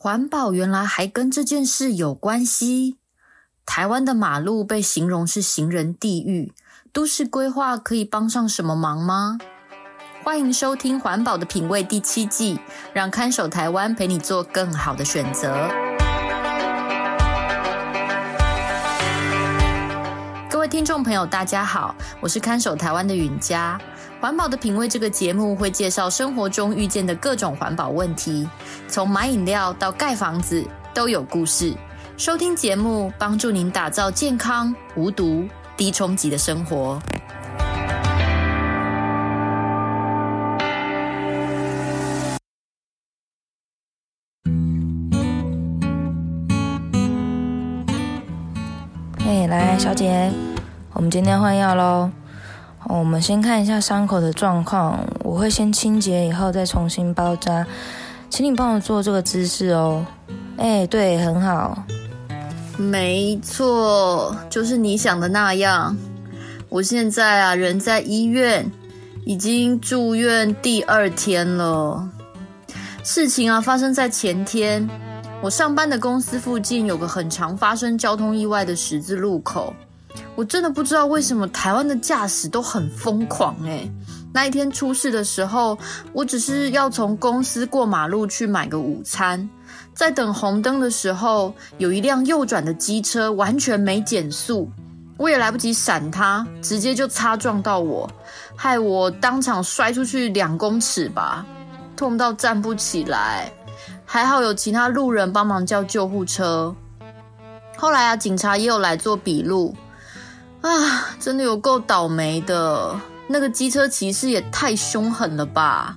環保原來還跟這件事有關係。台灣的馬路被形容是行人地獄，都市規劃可以幫上什麼忙嗎？歡迎收聽《環保的品味》第七季，讓看守台灣陪你做更好的選擇。各位聽眾朋友，大家好，我是看守台灣的允嘉。環保的品味這個節目會介紹生活中遇見的各種環保問題，從買飲料到蓋房子都有故事。收聽節目，幫助您打造健康、無毒、低衝擊的生活。哎，來，小姐，我們今天換藥嘍。我們先看一下傷口的狀況，我會先清潔以後再重新包紮，請你幫我做這個姿勢哦。誒，對，很好，沒錯，就是你想的那樣。我現在啊，人在醫院，已經住院第二天了。事情啊，發生在前天，我上班的公司附近有個很常發生交通意外的十字路口。我真的不知道為什麼台灣的駕駛都很瘋狂誒，欸，那一天出事的時候，我只是要從公司過馬路去買個午餐，在等紅燈的時候，有一輛右轉的機車完全沒減速，我也來不及閃它，直接就擦撞到我，害我當場摔出去兩公尺吧，痛到站不起來。還好有其他路人幫忙叫救護車，後來啊，警察也有來做筆錄。啊，真的有夠倒霉的！那個機車騎士也太凶狠了吧！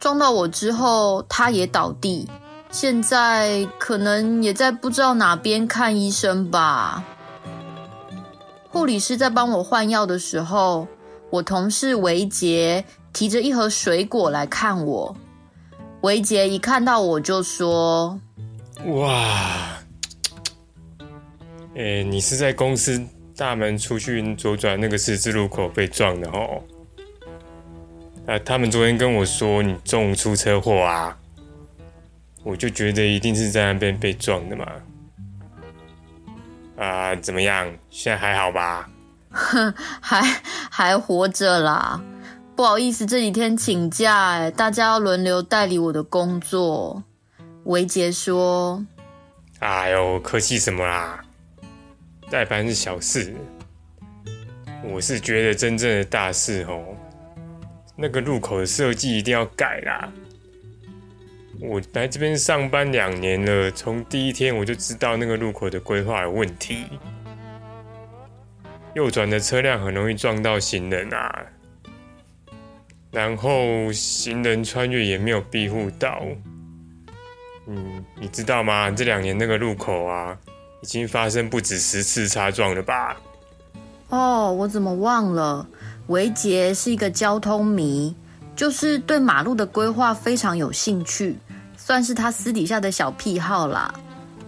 撞到我之後，他也倒地，現在可能也在不知道哪邊看醫生吧。護理師在幫我換藥的時候，我同事維杰提着一盒水果來看我。維杰一看到我就說：“哇，誒，你是在公司？”大門出去左轉那個十字路口被撞的哦。啊、呃！他們昨天跟我說，你中午出車禍啊，我就覺得一定是在那邊被撞的嘛。啊、呃，怎麼樣？現在還好吧？哼，還還活着啦。不好意思，這幾天請假哎，大家要輪流代理我的工作。維杰說：“哎呦，客氣什麼啦？”代班是小事，我是覺得真正的大事哦、喔，那個路口的設計一定要改啦。我來這邊上班兩年了，從第一天我就知道那個路口的規劃有問題，右轉的車輛很容易撞到行人啊，然後行人穿越也沒有庇護到。嗯，你知道嗎？這兩年那個路口啊。已經發生不止十次擦撞了吧？哦，oh, 我怎麼忘了？維杰是一個交通迷，就是對馬路的規劃非常有興趣，算是他私底下的小癖好啦。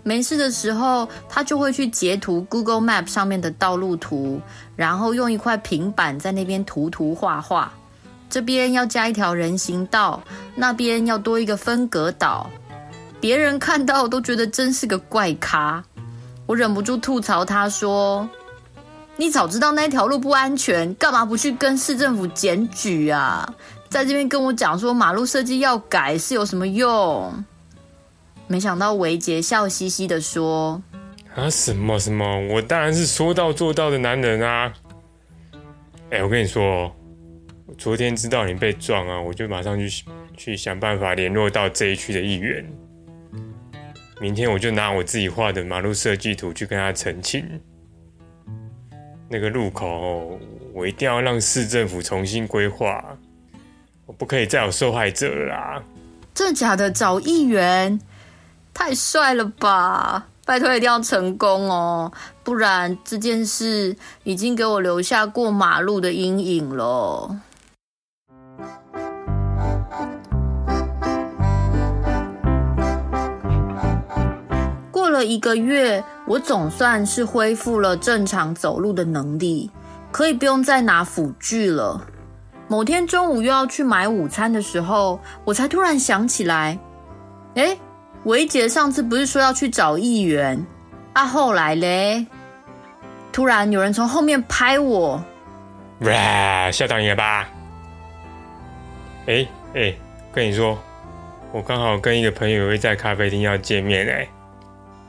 沒事的時候，他就會去截圖 Google Map 上面的道路圖，然後用一塊平板在那邊塗塗畫畫。這邊要加一條人行道，那邊要多一個分隔島，別人看到我都覺得真是個怪咖。我忍不住吐槽，他說：“你早知道那條路不安全，幹嘛不去跟市政府檢舉啊？在這邊跟我講說馬路設計要改是有什麼用？”沒想到維杰笑嘻嘻的說：“啊，什麼什麼？我當然是說到做到的男人啊！哎、欸，我跟你說，我昨天知道你被撞啊，我就馬上去去想辦法聯絡到這一區的議員。”明天我就拿我自己畫的馬路設計圖去跟他澄清，那個路口我一定要讓市政府重新規劃，我不可以再有受害者啦！真的假的？找議員太帥了吧！拜託一定要成功哦，不然這件事已經給我留下過馬路的陰影了。這一個月，我總算是恢復了正常走路的能力，可以不用再拿輔具了。某天中午又要去買午餐的時候，我才突然想起來，哎、欸，維杰上次不是說要去找議員？啊，後來嘞？突然有人從後面拍我，哇、啊，嚇到你了吧？哎、欸、哎、欸，跟你說，我剛好跟一個朋友會在咖啡廳要見面、欸，哎。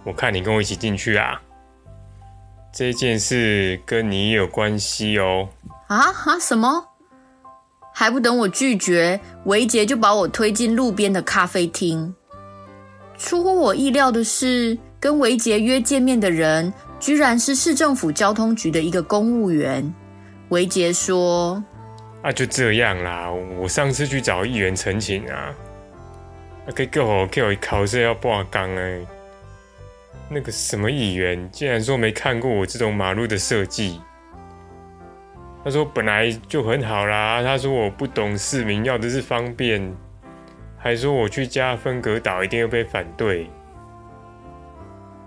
我看你跟我一起進去啊！這件事跟你也有關係哦。啊啊！什麼？還不等我拒絕，維杰就把我推進路邊的咖啡廳。出乎我意料的是，跟維杰約見面的人，居然是市政府交通局的一個公務員。維杰說：“啊，就這樣啦，我上次去找議員陳情啊，結果我，結果我考試要掛崗哎。”那個什麼議員竟然說沒看過我這種馬路的設計，他說本來就很好啦，他說我不懂市民要的是方便，還說我去加分隔島一定要被反對。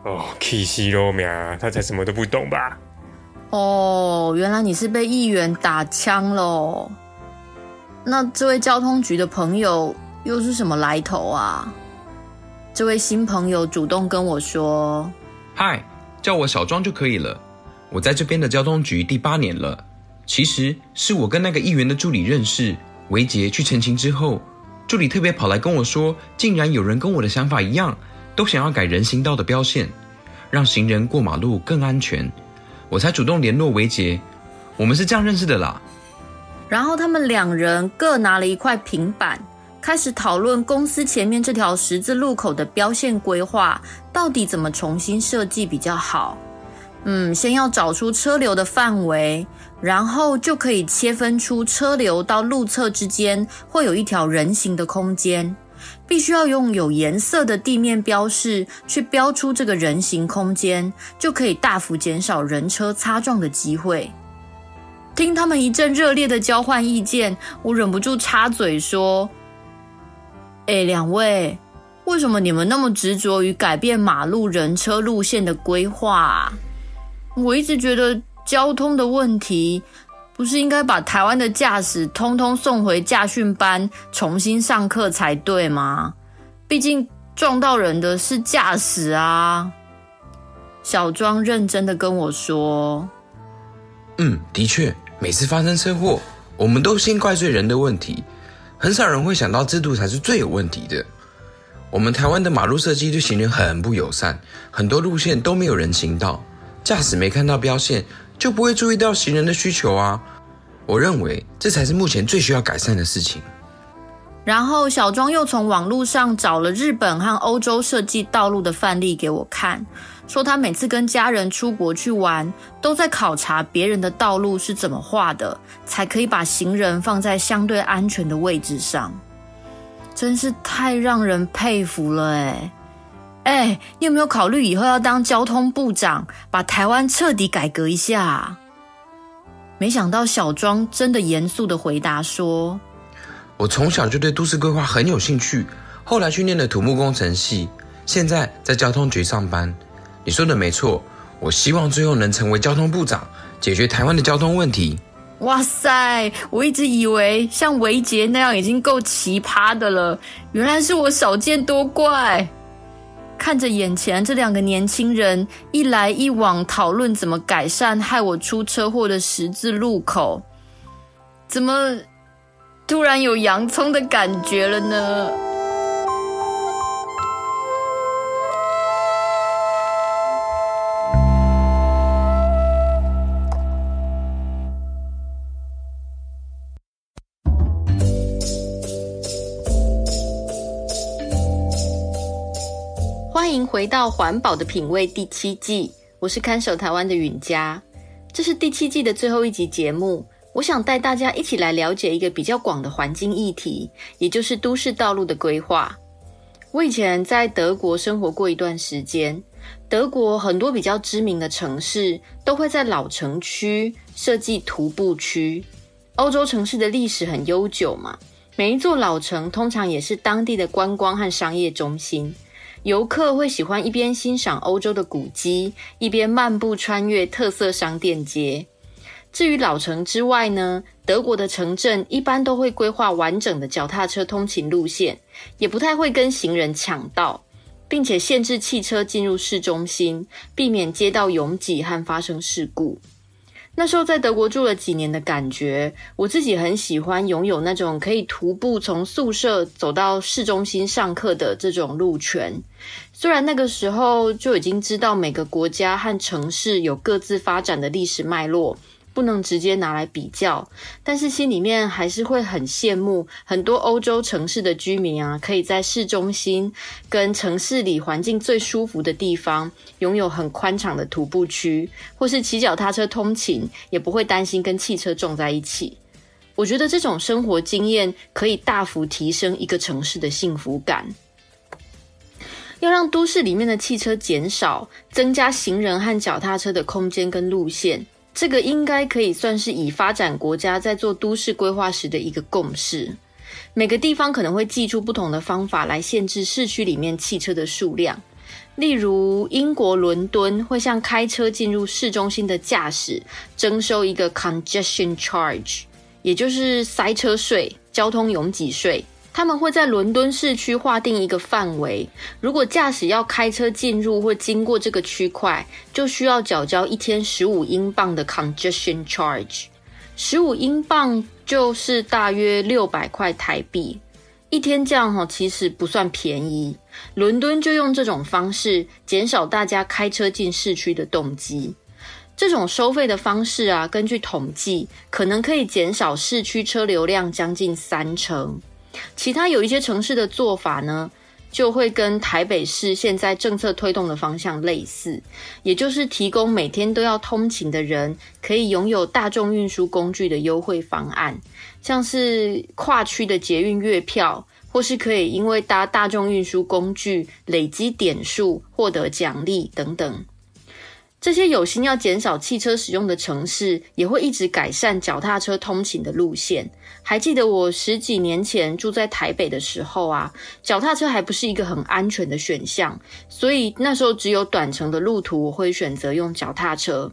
哦，氣死了嘛，他才什麼都不懂吧？哦，原來你是被議員打槍嘍？那這位交通局的朋友又是什麼來頭啊？這位新朋友主動跟我說：“嗨，叫我小莊就可以了。我在這邊的交通局第八年了。其實是我跟那個議員的助理認識，維杰去澄清之後，助理特別跑來跟我說，竟然有人跟我的想法一樣，都想要改人行道的標線，讓行人過馬路更安全。我才主動聯絡維杰，我們是這樣認識的啦。然後他們兩人各拿了一塊平板。”開始討論公司前面這條十字路口的標線規劃，到底怎麼重新設計比較好？嗯，先要找出車流的範圍，然後就可以切分出車流到路側之間會有一條人行的空間，必須要用有顏色的地面標示去標出這個人行空間，就可以大幅減少人車擦撞的機會。聽他們一陣熱烈的交換意見，我忍不住插嘴說：哎、欸，兩位，為什麼你們那麼執着於改變馬路人車路線的規劃？我一直覺得交通的問題，不是應該把台灣的駕駛通通送回駕訓班重新上課才對嗎？畢竟撞到人的是駕駛啊。小莊認真的跟我說：“嗯，的確，每次發生車禍，我們都先怪罪人的問題。”很少人會想到制度才是最有問題的。我們台灣的馬路設計對行人很不友善，很多路線都沒有人行道，駕駛沒看到標線就不會注意到行人的需求啊。我認為這才是目前最需要改善的事情。然後小莊又從網絡上找了日本和歐洲設計道路的範例給我看。說他每次跟家人出國去玩，都在考察別人的道路是怎麼畫的，才可以把行人放在相對安全的位置上，真是太讓人佩服了！哎，哎，你有沒有考慮以後要當交通部長，把台灣徹底改革一下？沒想到小莊真的嚴肅地回答說：“我從小就對都市規劃很有興趣，後來念的土木工程系，現在在交通局上班。”你說的沒錯，我希望最後能成為交通部長，解決台灣的交通問題。哇塞，我一直以為像維杰那樣已經夠奇葩的了，原來是我少見多怪。看着眼前這兩個年輕人一來一往討論怎麼改善害我出車禍的十字路口，怎麼突然有洋蔥的感覺了呢？歡迎回到《環保的品味》第七季，我是看守台灣的允佳。這是第七季的最後一集節目，我想帶大家一起來了解一個比較廣的環境議題，也就是都市道路的規劃。我以前在德國生活過一段時間，德國很多比較知名的城市都會在老城區設計徒步區。歐洲城市的歷史很悠久嘛，每一座老城通常也是當地的觀光和商業中心。遊客會喜歡一邊欣賞歐洲的古蹟，一邊漫步穿越特色商店街。至於老城之外呢，德國的城鎮一般都會規劃完整的腳踏車通勤路線，也不太會跟行人搶道，並且限制汽車進入市中心，避免街道擁擠和發生事故。那時候在德國住了幾年的感覺，我自己很喜歡擁有那種可以徒步從宿舍走到市中心上課的這種路權。雖然那個時候就已經知道每個國家和城市有各自發展的歷史脈絡，不能直接拿來比較，但是心裡面還是會很羨慕很多歐洲城市的居民啊，可以在市中心跟城市裡環境最舒服的地方，擁有很寬敞的徒步區，或是騎腳踏車通勤，也不會擔心跟汽車撞在一起。我覺得這種生活經驗可以大幅提升一個城市的幸福感。要讓都市裡面的汽車減少，增加行人和腳踏車的空間跟路線。這個應該可以算是以發展國家在做都市規劃時的一個共識。每個地方可能會祭出不同的方法來限制市區裡面汽車的數量，例如英國倫敦會向開車進入市中心的駕駛徵收一個 congestion charge，也就是塞車稅、交通擁擠稅。他們會在倫敦市區劃定一個範圍，如果駕駛要開車進入或經過這個區塊，就需要繳交一天十五英鎊的 Congestion Charge。十五英鎊就是大約六百塊台幣，一天這樣吼其實不算便宜。倫敦就用這種方式減少大家開車進市區的動機。這種收費的方式啊，根據統計，可能可以減少市區車流量將近三成。其他有一些城市的做法呢，就會跟台北市現在政策推動的方向類似，也就是提供每天都要通勤的人可以擁有大眾運輸工具的優惠方案，像是跨區的捷運月票，或是可以因為搭大眾運輸工具累積點數獲得獎勵等等。這些有心要減少汽車使用的城市，也會一直改善腳踏車通勤的路線。還記得我十幾年前住在台北的時候啊，腳踏車還不是一個很安全的選項，所以那時候只有短程的路途，我會選擇用腳踏車。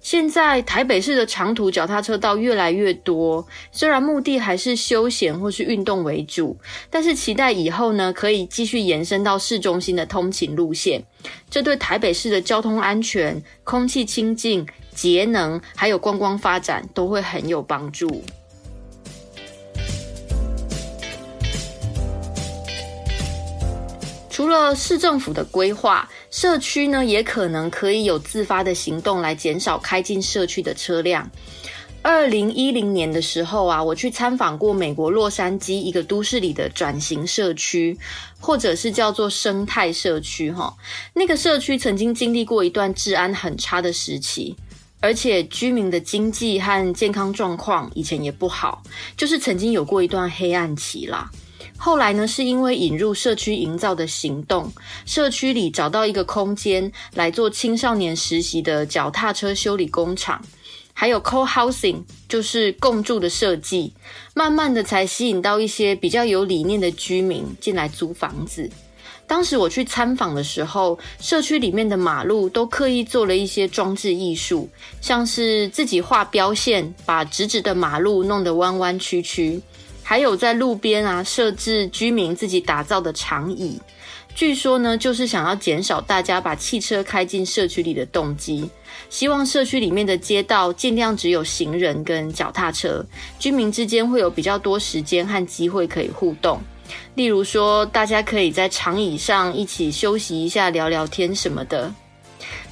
現在台北市的長途腳踏車道越來越多，雖然目的還是休閒或是運動為主，但是期待以後呢，可以繼續延伸到市中心的通勤路線。這對台北市的交通安全、空氣清淨、節能，還有觀光發展，都會很有幫助。除了市政府的規劃，社區呢，也可能可以有自發的行動來減少開進社區的車輛。二零一零年的時候啊，我去參訪過美國洛杉磯一個都市裡的轉型社區，或者是叫做生態社區哈、哦。那個社區曾經經歷過一段治安很差的時期，而且居民的經濟和健康狀況以前也不好，就是曾經有過一段黑暗期啦。後來呢，是因為引入社區營造的行動，社區裡找到一個空間來做青少年實習的腳踏車修理工廠。還有 co-housing，就是共住的設計，慢慢的才吸引到一些比較有理念的居民進來租房子。當時我去參訪的時候，社區裡面的馬路都刻意做了一些裝置藝術，像是自己畫標線，把直直的馬路弄得彎彎曲曲，還有在路邊啊，設置居民自己打造的長椅。據說呢，就是想要減少大家把汽車開進社區裡的動機，希望社區裡面的街道盡量只有行人跟腳踏車，居民之間會有比較多時間和機會可以互動，例如說大家可以在長椅上一起休息一下、聊聊天什麼的。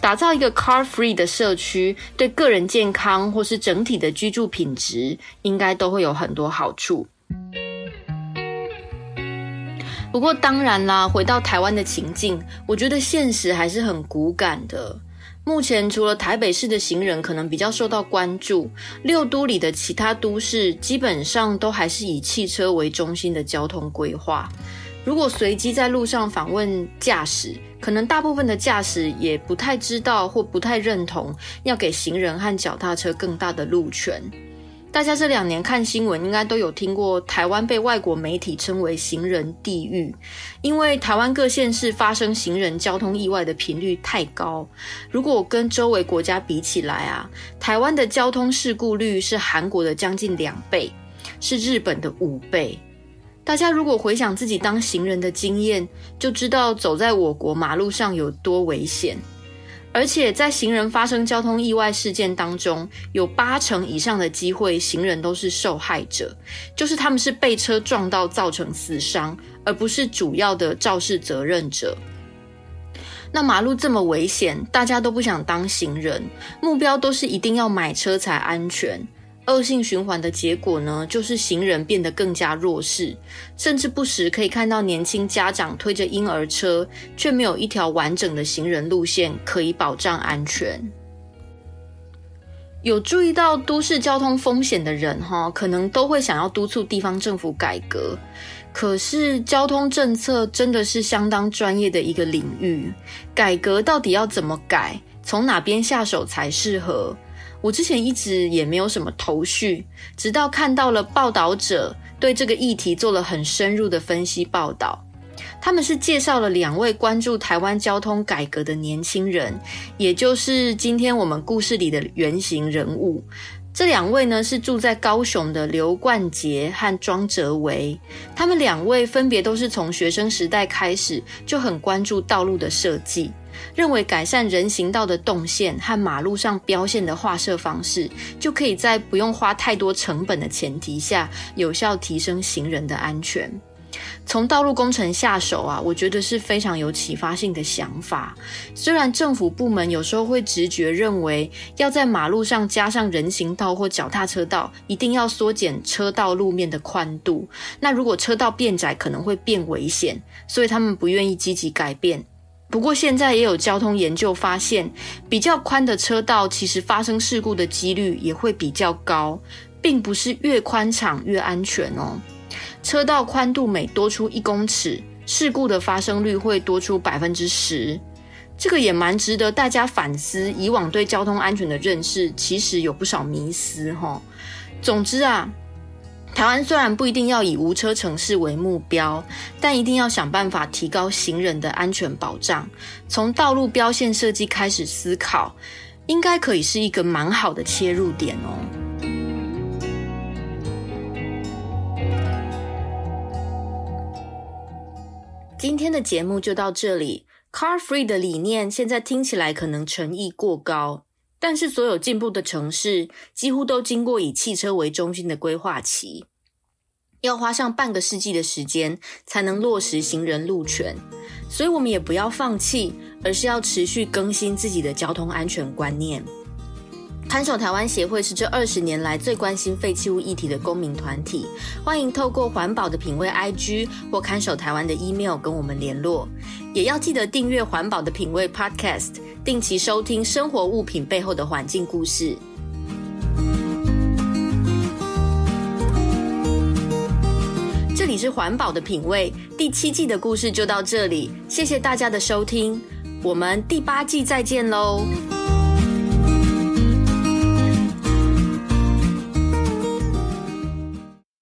打造一個 car free 的社區，對個人健康或是整體的居住品質，應該都會有很多好處。不過當然啦，回到台灣的情境，我覺得現實還是很骨感的。目前除了台北市的行人可能比較受到關注，六都裡的其他都市基本上都還是以汽車為中心的交通規劃。如果隨機在路上訪問駕駛，可能大部分的駕駛也不太知道或不太認同要給行人和腳踏車更大的路權。大家這兩年看新聞，應該都有聽過台灣被外國媒體稱為“行人地獄”，因為台灣各縣市發生行人交通意外的頻率太高。如果我跟周圍國家比起來啊，台灣的交通事故率是韓國的將近兩倍，是日本的五倍。大家如果回想自己當行人的經驗，就知道走在我國馬路上有多危險。而且，在行人發生交通意外事件當中，有八成以上的機會，行人都是受害者，就是他們是被車撞到造成死傷，而不是主要的肇事責任者。那馬路這麼危險，大家都不想當行人，目標都是一定要買車才安全。惡性循環的結果呢，就是行人變得更加弱勢，甚至不時可以看到年輕家長推着嬰兒車，卻沒有一條完整的行人路線可以保障安全。有注意到都市交通風險的人可能都會想要督促地方政府改革。可是，交通政策真的是相當專業的一個領域，改革到底要怎麼改，從哪邊下手才適合？我之前一直也沒有什麼頭緒，直到看到了報導者對這個議題做了很深入的分析報導。他們是介紹了兩位關注台灣交通改革的年輕人，也就是今天我們故事裡的原型人物。這兩位呢，是住在高雄的劉冠杰和莊哲維，他們兩位分別都是從學生時代開始就很關注道路的設計。認為改善人行道的動線和馬路上標線的劃設方式，就可以在不用花太多成本的前提下，有效提升行人的安全。從道路工程下手啊，我覺得是非常有啟發性的想法。雖然政府部門有時候會直覺認為，要在馬路上加上人行道或腳踏車道，一定要縮減車道路面的寬度。那如果車道變窄，可能會變危險，所以他們不願意積極改變。不過現在也有交通研究發現，比較寬的車道其實發生事故的幾率也會比較高，並不是越寬敞越安全哦。車道寬度每多出一公尺，事故的發生率會多出百分之十。這個也蠻值得大家反思，以往對交通安全的認識其實有不少迷思哦，總之啊。台灣雖然不一定要以無車城市為目標，但一定要想辦法提高行人的安全保障。從道路標線設計開始思考，應該可以是一個蠻好的切入點哦。今天的節目就到這裡。Car Free 的理念現在聽起來可能陳義過高。但是，所有進步的城市幾乎都經過以汽車為中心的規劃期，要花上半個世紀的時間才能落實行人路權，所以我們也不要放棄，而是要持續更新自己的交通安全觀念。看守台灣協會是這二十年來最關心廢棄物議題的公民團體，歡迎透過環保的品味 IG 或看守台灣的 email 跟我們聯絡，也要記得訂閱環保的品味 Podcast，定期收聽生活物品背後的環境故事。這裡是環保的品味第七季的故事就到這裡，謝謝大家的收聽，我們第八季再見嘍。